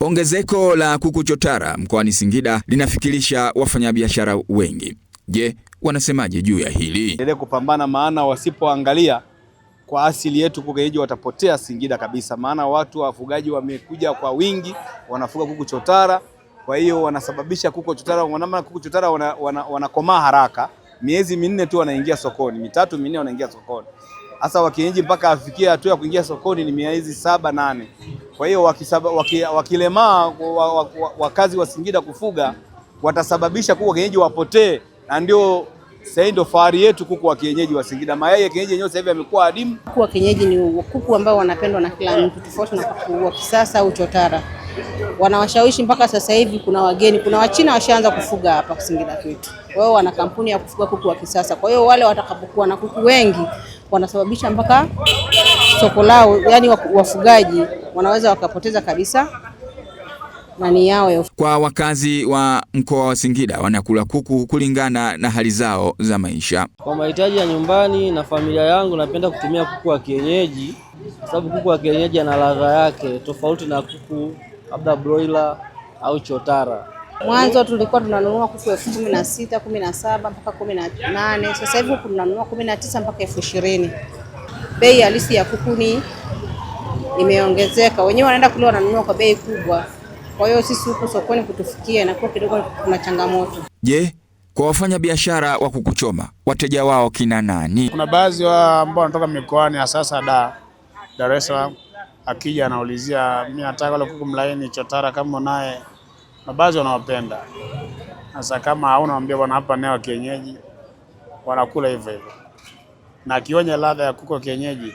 Ongezeko la kuku chotara mkoani Singida linafikirisha wafanyabiashara wengi. Je, wanasemaje juu ya hili? Endelee kupambana, maana wasipoangalia kwa asili yetu kukeiji watapotea Singida kabisa, maana watu wafugaji wamekuja kwa wingi, wanafuga kuku chotara, kwa hiyo wanasababisha kuku chotara wanama kuku chotara wanakomaa wana, wana haraka, miezi minne tu wanaingia sokoni, mitatu minne wanaingia sokoni. Hasa wakienyeji mpaka afikie hatua ya kuingia sokoni ni miezi saba nane. Kwa hiyo wakilemaa wakazi wa Singida kufuga watasababisha kuku wa kienyeji wapotee, na ndio sasa ndio fahari yetu, kuku wa kienyeji wa Singida. Mayai ya kienyeji yenyewe sasa hivi yamekuwa adimu. Kuku wa kienyeji ni kuku ambao wanapendwa na kila mtu, tofauti na kuku wa kisasa au chotara. Wanawashawishi mpaka sasa hivi, kuna wageni, kuna Wachina washaanza kufuga hapa Singida kwetu. Kwa hiyo wana kampuni ya kufuga kuku wa kisasa. Kwa hiyo wale watakapokuwa na kuku wengi wanasababisha mpaka soko lao, yani wafugaji wanaweza wakapoteza kabisa mali yao. Kwa wakazi wa mkoa wa Singida wanakula kuku kulingana na hali zao za maisha. Kwa mahitaji ya nyumbani na familia yangu, napenda kutumia kuku wa kienyeji, kwa sababu kuku wa kienyeji ana ladha yake tofauti na kuku labda broiler au chotara. Mwanzo tulikuwa tunanunua kuku elfu kumi na sita kumi na saba mpaka kumi na nane sasa hivi tunanunua kumi na tisa mpaka elfu ishirini Bei halisi ya kuku ni imeongezeka, wenyewe wanaenda kule wananunua kwa bei kubwa. Kwa hiyo sisi huku sokoni kutufikia inakuwa kidogo kuna changamoto. Je, kwa wafanya biashara wa kuku choma wateja wao kina nani? Kuna baadhi wa ambao wanatoka mikoani ya sasa da Dar es Salaam, akija anaulizia mimi nataka wale kuku mlaini chotara kama naye, na baadhi wanawapenda. Sasa kama hauna mwambie bwana, hapa nao kienyeji wanakula hivyo hivyo, na akionya ladha ya kuku kienyeji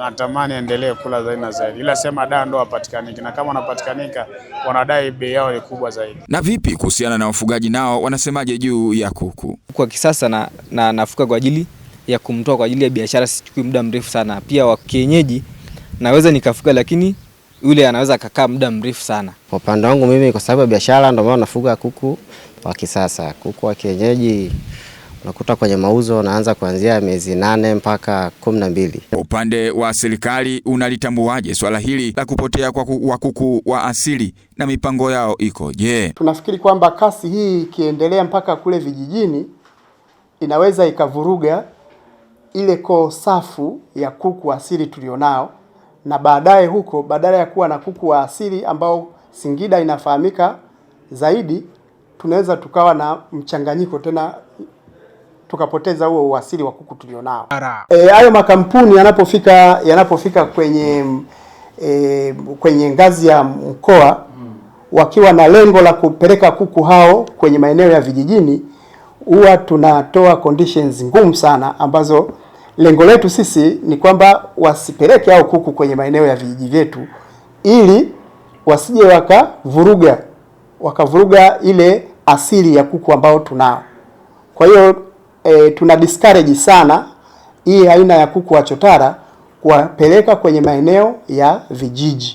anatamani endelee kula zaidi na zaidi, ila sema daa ndo apatikaniki, na kama wanapatikanika wanadai bei yao ni kubwa zaidi. Na vipi kuhusiana na wafugaji nao wanasemaje juu ya kuku kwa kisasa? na, na nafuka kwa ajili ya kumtoa kwa ajili ya biashara, sichukui muda mrefu sana. Pia wa kienyeji naweza nikafuga, lakini yule anaweza akakaa muda mrefu sana. Kwa upande wangu mimi, kwa sababu ya biashara, ndio maana nafuga kuku wa kisasa. Kuku wa kienyeji unakuta kwenye mauzo unaanza kuanzia miezi nane mpaka kumi na mbili. Upande wa serikali unalitambuaje swala hili la kupotea kwa wakuku wa asili na mipango yao ikoje? Yeah. Tunafikiri kwamba kasi hii ikiendelea mpaka kule vijijini inaweza ikavuruga ile koo safu ya kuku asili tulionao, na baadaye huko badala ya kuwa na kuku wa asili ambao Singida inafahamika zaidi tunaweza tukawa na mchanganyiko tena tukapoteza huo uasili wa kuku tulionao. E, hayo e, makampuni yanapofika yanapofika kwenye e, kwenye ngazi ya mkoa hmm. wakiwa na lengo la kupeleka kuku hao kwenye maeneo ya vijijini, huwa tunatoa conditions ngumu sana ambazo lengo letu sisi ni kwamba wasipeleke hao kuku kwenye maeneo ya vijiji vyetu ili wasije wakavuruga wakavuruga ile asili ya kuku ambao tunao. Kwa hiyo e, tuna discourage sana hii aina ya kuku wa chotara kuwapeleka kwenye maeneo ya vijiji.